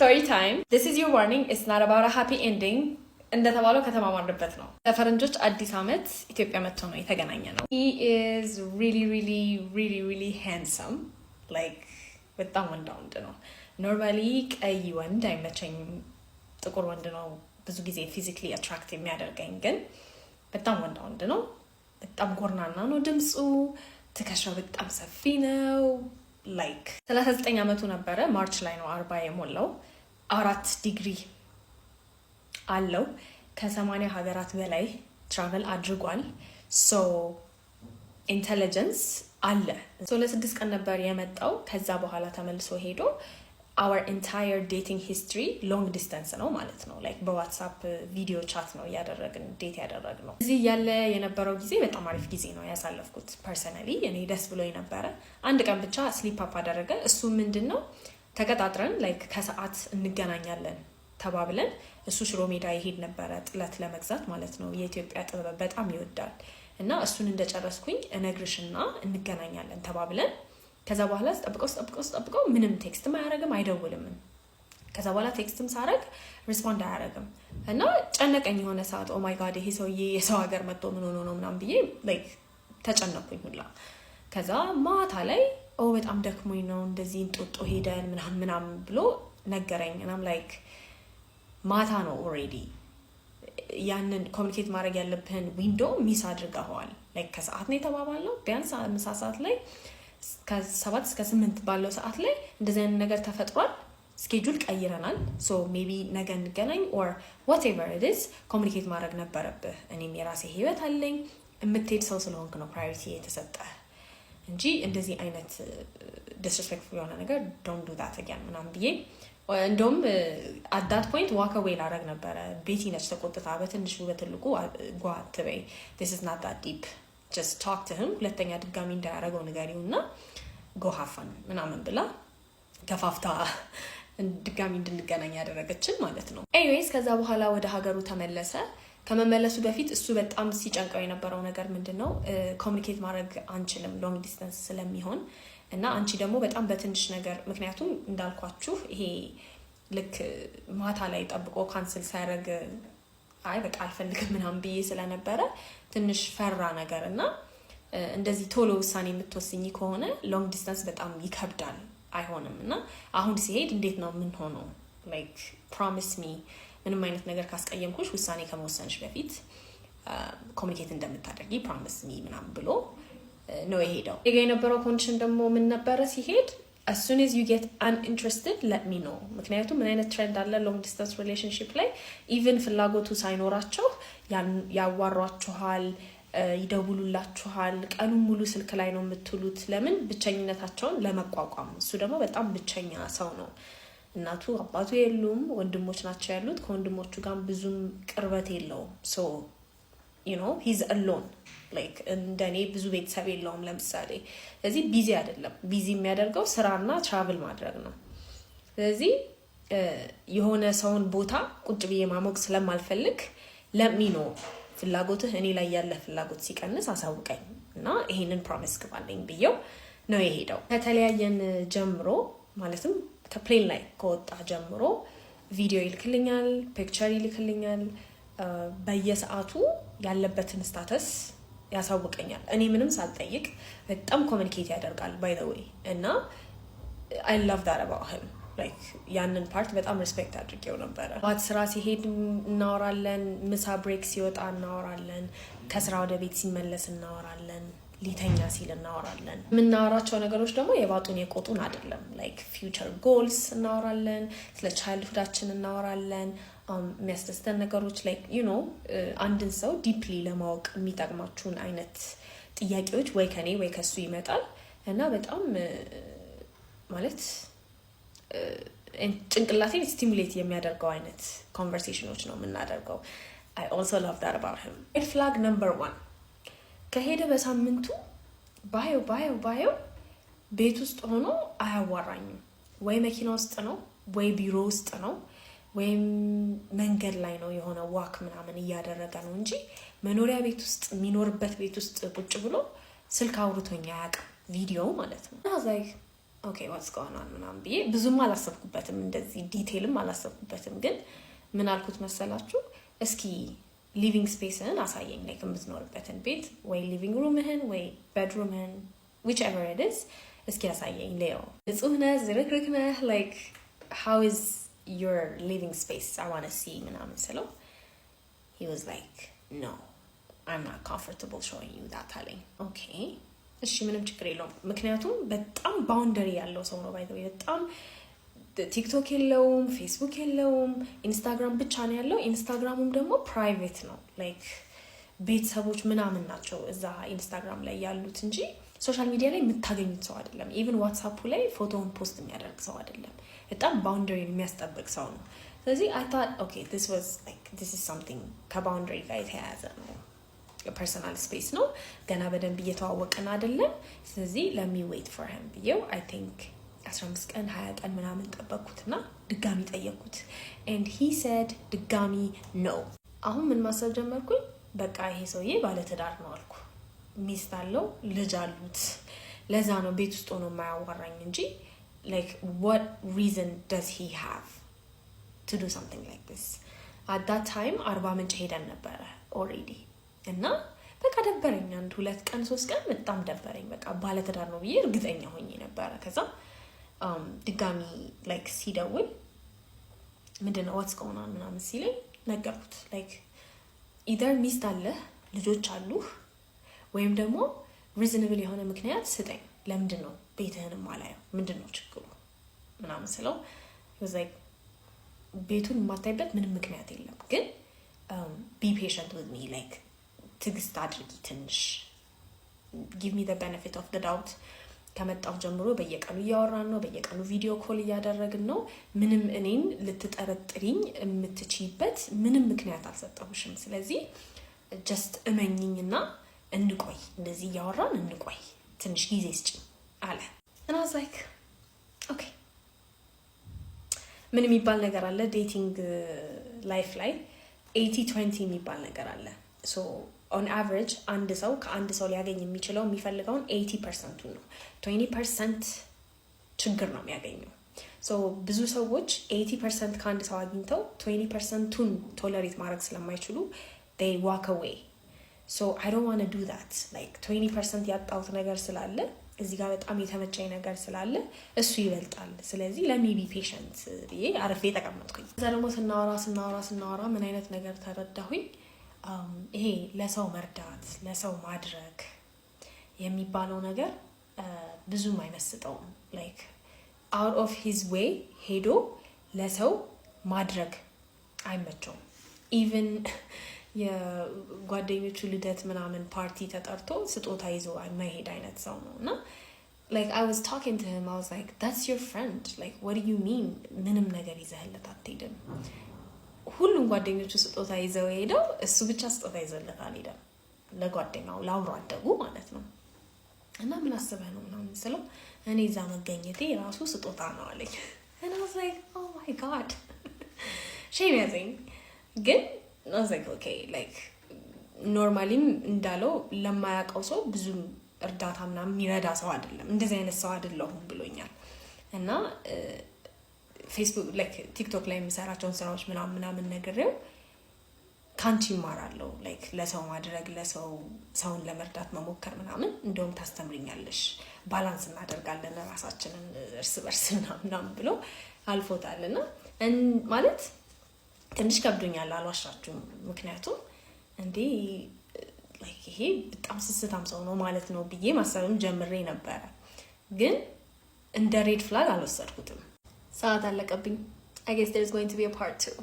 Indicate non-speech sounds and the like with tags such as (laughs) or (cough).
ስቶሪ ታይም ዲስ ኢዝ ዩር ዋርኒንግ ኢትስ ናት አባውት አ ሃፒ ኤንዲንግ እንደተባለው ማምርበት ነው። ለፈረንጆች አዲስ ዓመት ኢትዮጵያ መጥቶ ነው የተገናኘ ነው። ሂ ኢዝ ሪሊ ሪሊ ሪሊ ሪሊ ሃንሰም ላይክ በጣም ወንዳ ወንድ ነው። ኖርማሊ ቀይ ወንድ አይመቸኝም። ጥቁር ወንድ ነው ብዙ ጊዜ ፊዚካሊ አትራክት የሚያደርገኝ፣ ግን በጣም ወንዳ ወንድ ነው። በጣም ጎርናና ነው ድምፁ። ትከሻው በጣም ሰፊ ነው። ላይክ 39 ዓመቱ ነበረ ማርች ላይ ነው አርባ የሞላው አራት ዲግሪ አለው። ከሰማንያ ሀገራት በላይ ትራቨል አድርጓል። ሶ ኢንቴሊጀንስ አለ። ሶ ለስድስት ቀን ነበር የመጣው። ከዛ በኋላ ተመልሶ ሄዶ አወር ኢንታየር ዴቲንግ ሂስትሪ ሎንግ ዲስተንስ ነው ማለት ነው። ላይክ በዋትሳፕ ቪዲዮ ቻት ነው እያደረግን ዴት ያደረግ ነው። እዚህ ያለ የነበረው ጊዜ በጣም አሪፍ ጊዜ ነው ያሳለፍኩት። ፐርሰናሊ እኔ ደስ ብሎ ነበረ። አንድ ቀን ብቻ ስሊፕ አፕ አደረገ። እሱ ምንድን ነው ተቀጣጥረን ላይክ ከሰዓት እንገናኛለን ተባብለን እሱ ሽሮ ሜዳ ይሄድ ነበረ ጥለት ለመግዛት ማለት ነው። የኢትዮጵያ ጥበብ በጣም ይወዳል እና እሱን እንደጨረስኩኝ እነግርሽና እንገናኛለን ተባብለን ከዛ በኋላ ስጠብቀው ስጠብቀው ስጠብቀው ምንም ቴክስትም አያደርግም አይደውልምም። ከዛ በኋላ ቴክስትም ሳረግ ሪስፖንድ አያደርግም እና ጨነቀኝ። የሆነ ሰዓት ኦማይ ጋድ ይሄ ሰውዬ የሰው ሀገር መጥቶ ምን ሆኖ ነው ምናምን ብዬ ተጨነኩኝ ሁላ ከዛ ማታ ላይ በጣም ደክሞኝ ነው እንደዚህ እንጦጦ ሄደን ምናም ምናም ብሎ ነገረኝ። እናም ላይክ ማታ ነው ኦልሬዲ ያንን ኮሚኒኬት ማድረግ ያለብህን ዊንዶ ሚስ አድርገኸዋል። ላይክ ከሰዓት ነው የተባባለው ቢያንስ ምሳ ሰዓት ላይ ከሰባት እስከ ስምንት ባለው ሰዓት ላይ እንደዚህ አይነት ነገር ተፈጥሯል። ስኬጁል ቀይረናል። ሶ ቢ ነገ እንገናኝ ኦር ዋቴቨር ኢትስ ኮሚኒኬት ማድረግ ነበረብህ። እኔም የራሴ ህይወት አለኝ። የምትሄድ ሰው ስለሆንክ ነው ፕራዮሪቲ የተሰጠህ። እንጂ እንደዚህ አይነት ዲስሬስፔክትፉል የሆነ ነገር ዶን ዱ ዳት አገን ምናምን ብዬ እንደውም አዳት ፖይንት ዋክ አዌይ ላደርግ ነበረ። ቤቲ ነች ተቆጥታ፣ በትንሹ በትልቁ ጓ አትበይ፣ ዲስ ኢዝ ናት ዳት ዲፕ ጀስት ታክ ቱ ሂም፣ ሁለተኛ ድጋሚ እንዳያደረገው ንገሪው እና ጎ ሃቭ ምናምን ብላ ከፋፍታ (laughs) ድጋሚ እንድንገናኝ ያደረገችን ማለት ነው። ኤኒዌይስ ከዛ በኋላ ወደ ሀገሩ ተመለሰ። ከመመለሱ በፊት እሱ በጣም ሲጨንቀው የነበረው ነገር ምንድን ነው፣ ኮሚኒኬት ማድረግ አንችልም ሎንግ ዲስተንስ ስለሚሆን እና አንቺ ደግሞ በጣም በትንሽ ነገር ምክንያቱም እንዳልኳችሁ ይሄ ልክ ማታ ላይ ጠብቆ ካንስል ሳያደርግ አይ በቃ አልፈልግም ምናምን ብዬ ስለነበረ ትንሽ ፈራ ነገር እና እንደዚህ ቶሎ ውሳኔ የምትወስኝ ከሆነ ሎንግ ዲስተንስ በጣም ይከብዳል፣ አይሆንም እና አሁን ሲሄድ እንዴት ነው የምንሆነው? ላይክ ፕሮሚስ ሚ ምንም አይነት ነገር ካስቀየምኩሽ ውሳኔ ከመወሰንሽ በፊት ኮሚኒኬት እንደምታደርጊ ፕሮሚስ ሚ ምናምን ብሎ ነው የሄደው። ጋ የነበረው ኮንዲሽን ደግሞ ምን ነበረ ሲሄድ አሱን ዝ ዩ ጌት አንኢንትረስትድ ለሚ ኖ። ምክንያቱም ምን አይነት ትሬንድ አለ ሎንግ ዲስታንስ ሪሌሽንሽፕ ላይ ኢቨን ፍላጎቱ ሳይኖራቸው ያዋሯችኋል፣ ይደውሉላችኋል፣ ቀኑን ሙሉ ስልክ ላይ ነው የምትውሉት። ለምን ብቸኝነታቸውን ለመቋቋም። እሱ ደግሞ በጣም ብቸኛ ሰው ነው። እናቱ አባቱ የሉም፣ ወንድሞች ናቸው ያሉት። ከወንድሞቹ ጋር ብዙም ቅርበት የለውም። ሶ ዩኖ ሂዝ አሎን ላይክ እንደኔ ብዙ ቤተሰብ የለውም ለምሳሌ። ስለዚህ ቢዚ አይደለም። ቢዚ የሚያደርገው ስራና ትራቭል ማድረግ ነው። ስለዚህ የሆነ ሰውን ቦታ ቁጭ ብዬ ማሞቅ ስለማልፈልግ ለሚኖ ፍላጎትህ እኔ ላይ ያለ ፍላጎት ሲቀንስ አሳውቀኝ እና ይሄንን ፕሮሚስ ግባለኝ ብዬው ነው የሄደው ከተለያየን ጀምሮ ማለትም ከፕሌን ላይ ከወጣ ጀምሮ ቪዲዮ ይልክልኛል፣ ፒክቸር ይልክልኛል። በየሰዓቱ ያለበትን ስታተስ ያሳውቀኛል። እኔ ምንም ሳልጠይቅ በጣም ኮሚኒኬት ያደርጋል። ባይ ዘ እና አይ ላቭ ዳት አባውት ያንን ፓርት በጣም ሪስፔክት አድርጌው ነበረ። ባት ስራ ሲሄድ እናወራለን፣ ምሳ ብሬክ ሲወጣ እናወራለን፣ ከስራ ወደ ቤት ሲመለስ እናወራለን። ሊተኛ ሲል እናወራለን። የምናወራቸው ነገሮች ደግሞ የባጡን የቆጡን አይደለም። ላይክ ፊውቸር ጎልስ እናወራለን፣ ስለ ቻይልድሁዳችን እናወራለን፣ um, የሚያስደስተን ነገሮች ላይክ ዩ ኖ አንድን ሰው ዲፕሊ ለማወቅ የሚጠቅማችሁን አይነት ጥያቄዎች ወይ ከኔ ወይ ከሱ ይመጣል እና በጣም uh, ማለት uh, ጭንቅላቴን ስቲሙሌት የሚያደርገው አይነት ኮንቨርሴሽኖች ነው የምናደርገው። አይ ኦልሶ ላቭ ዳት አባውት ሂም ሬድ ፍላግ ነምበር ዋን ከሄደ በሳምንቱ ባየው ባየው ባየው ቤት ውስጥ ሆኖ አያዋራኝም። ወይ መኪና ውስጥ ነው፣ ወይ ቢሮ ውስጥ ነው፣ ወይም መንገድ ላይ ነው የሆነ ዋክ ምናምን እያደረገ ነው እንጂ መኖሪያ ቤት ውስጥ የሚኖርበት ቤት ውስጥ ቁጭ ብሎ ስልክ አውርቶኝ አያውቅም። ቪዲዮ ማለት ነው። ኦኬ ዋትስ ጎይንግ ምናምን ብዬ ብዙም አላሰብኩበትም፣ እንደዚህ ዲቴልም አላሰብኩበትም። ግን ምን አልኩት መሰላችሁ እስኪ ሊቪንግ ስፔስህን አሳየኝ ላይክ የምትኖርበትን ቤት ወይ ሊቪንግ ሩምህን ወይ በድሩምህን ዊች ኤቨር ኢት እስኪ ያሳየኝ ሌው ንጹህ ነህ ዝርክርክ ነህ ላይክ ሃው ኢዝ ዩር ሊቪንግ ስፔስ አዋነ ሲ ምናምን ስለው ሂ ዋዝ ላይክ ኖ አይም ናት ኮምፎርታብል ሾዊንግ ዩ ዛት አለኝ ኦኬ እሺ ምንም ችግር የለውም ምክንያቱም በጣም ባውንደሪ ያለው ሰው ነው ባይ በጣም ቲክቶክ የለውም፣ ፌስቡክ የለውም፣ ኢንስታግራም ብቻ ነው ያለው። ኢንስታግራሙም ደግሞ ፕራይቬት ነው፣ ላይክ ቤተሰቦች ምናምን ናቸው እዛ ኢንስታግራም ላይ ያሉት እንጂ ሶሻል ሚዲያ ላይ የምታገኙት ሰው አይደለም። ኢቨን ዋትሳፑ ላይ ፎቶውን ፖስት የሚያደርግ ሰው አይደለም። በጣም ባውንደሪ የሚያስጠብቅ ሰው ነው። ስለዚህ አይ ታት ኦኬ ዋዝ ላይክ ኢዝ ሳምቲንግ ከባውንደሪ ጋር የተያያዘ ነው። ፐርሰናል ስፔስ ነው። ገና በደንብ እየተዋወቅን አይደለም። ስለዚህ ለሚ ዌይት ፎር ሂም ብዬው አይ ቲንክ 15 ቀን 20 ቀን ምናምን ጠበቅኩትና ድጋሚ ጠየቅኩት። ኤንድ ሂ ሰድ ድጋሚ ነው። አሁን ምን ማሰብ ጀመርኩኝ። በቃ ይሄ ሰውዬ ባለትዳር ነው አልኩ። ሚስት አለው፣ ልጅ አሉት። ለዛ ነው ቤት ውስጥ ሆኖ የማያዋራኝ እንጂ ላይክ ዋት ሪዝን ደዝ ሂ ሃቭ ቱ ዱ ሳምቲንግ ላይክ ዲስ አት ዳት ታይም አርባ ምንጭ ሄደን ነበረ ኦልሬዲ እና በቃ ደበረኝ። አንድ ሁለት ቀን ሶስት ቀን በጣም ደበረኝ። በቃ ባለትዳር ነው ብዬ እርግጠኛ ሆኜ ነበረ ከዛ Um, ድጋሚ ላይክ ሲደውል ምንድነው ነው ዋትስ ከሆና ምናምን ሲለኝ ነገርኩት። ላይክ ኢደር ሚስት አለህ ልጆች አሉህ ወይም ደግሞ ሪዝንብል የሆነ ምክንያት ስጠኝ። ለምንድን ነው ቤትህንም አላየው? ምንድን ነው ችግሩ ምናምን ስለው ቤቱን የማታይበት ምንም ምክንያት የለም፣ ግን ቢ ፔሽንት ዊዝ ሚ ላይክ ትግስት አድርጊ ትንሽ ጊቭ ሚ ዘ ኦፍ ዳውት ከመጣሁ ጀምሮ በየቀኑ እያወራን ነው። በየቀኑ ቪዲዮ ኮል እያደረግን ነው። ምንም እኔን ልትጠረጥሪኝ የምትችይበት ምንም ምክንያት አልሰጠሁሽም። ስለዚህ ጀስት እመኝኝና እንቆይ፣ እንደዚህ እያወራን እንቆይ፣ ትንሽ ጊዜ ስጭ አለ እና ዛይክ ኦኬ። ምን የሚባል ነገር አለ ዴቲንግ ላይፍ uh, ላይ ኤቲ ትዌንቲ የሚባል ነገር አለ ኦን አቨሬጅ አንድ ሰው ከአንድ ሰው ሊያገኝ የሚችለው የሚፈልገውን ኤይቲ ፐርሰንቱ ነው። ትዌንቲ ፐርሰንት ችግር ነው የሚያገኘው። ሶ ብዙ ሰዎች ኤይቲ ፐርሰንት ከአንድ ሰው አግኝተው ትዌንቲ ፐርሰንቱን ቶለሬት ማድረግ ስለማይችሉ ይ ዋክ አዌይ ሶ አይ ዶንት ዋን ዱ ዛት ላይክ ትዌንቲ ፐርሰንት ያጣሁት ነገር ስላለ እዚህ ጋር በጣም የተመቸኝ ነገር ስላለ እሱ ይበልጣል። ስለዚህ ለሚ ቢ ፔሸንት ብዬ አረፌ ተቀመጥኩኝ። እዛ ደግሞ ስናወራ ስናወራ ስናወራ ምን አይነት ነገር ተረዳሁኝ? ይሄ ለሰው መርዳት ለሰው ማድረግ የሚባለው ነገር ብዙም አይመስጠውም። ላይክ አውት ኦፍ ሂዝ ዌይ ሄዶ ለሰው ማድረግ አይመቸውም። ኢቨን የጓደኞቹ ልደት ምናምን ፓርቲ ተጠርቶ ስጦታ ይዞ የማይሄድ አይነት ሰው ነው እና like I was talking to him I was like that's your friend like what do you mean ምንም ነገር ይዘህለት አትሄድም ሁሉም ጓደኞቹ ስጦታ ይዘው ሄደው እሱ ብቻ ስጦታ ይዘለት አልሄደም። ለጓደኛው ለአብሮ አደጉ ማለት ነው። እና ምን አስበህ ነው ምናምን ስለው እኔ እዛ መገኘቴ ራሱ ስጦታ ነው አለኝ። እና ማይ ጋድ ሼም ያዘኝ። ግን ዛይ ኦኬ ላይክ ኖርማሊም እንዳለው ለማያውቀው ሰው ብዙም እርዳታ ምናምን የሚረዳ ሰው አይደለም እንደዚህ አይነት ሰው አይደለሁም ብሎኛል እና ፌስቡክ ላይክ ቲክቶክ ላይ የምሰራቸውን ስራዎች ምናምን ምናምን ነግሬው ከአንቺ ይማራለሁ ላይክ ለሰው ማድረግ ለሰው ሰውን ለመርዳት መሞከር ምናምን እንደውም ታስተምርኛለሽ፣ ባላንስ እናደርጋለን ራሳችንን እርስ በርስ ምናምናም ብሎ አልፎታል። ና ማለት ትንሽ ከብዶኛል፣ አልዋሻችሁም። ምክንያቱም እንዴ ይሄ በጣም ስስታም ሰው ነው ማለት ነው ብዬ ማሰብም ጀምሬ ነበረ፣ ግን እንደ ሬድ ፍላግ አልወሰድኩትም። ሰዓት አለቀብኝ። አይ ጌስ ዜርስ ጎይንግ ቱ ቢ አ ፓርት ቱ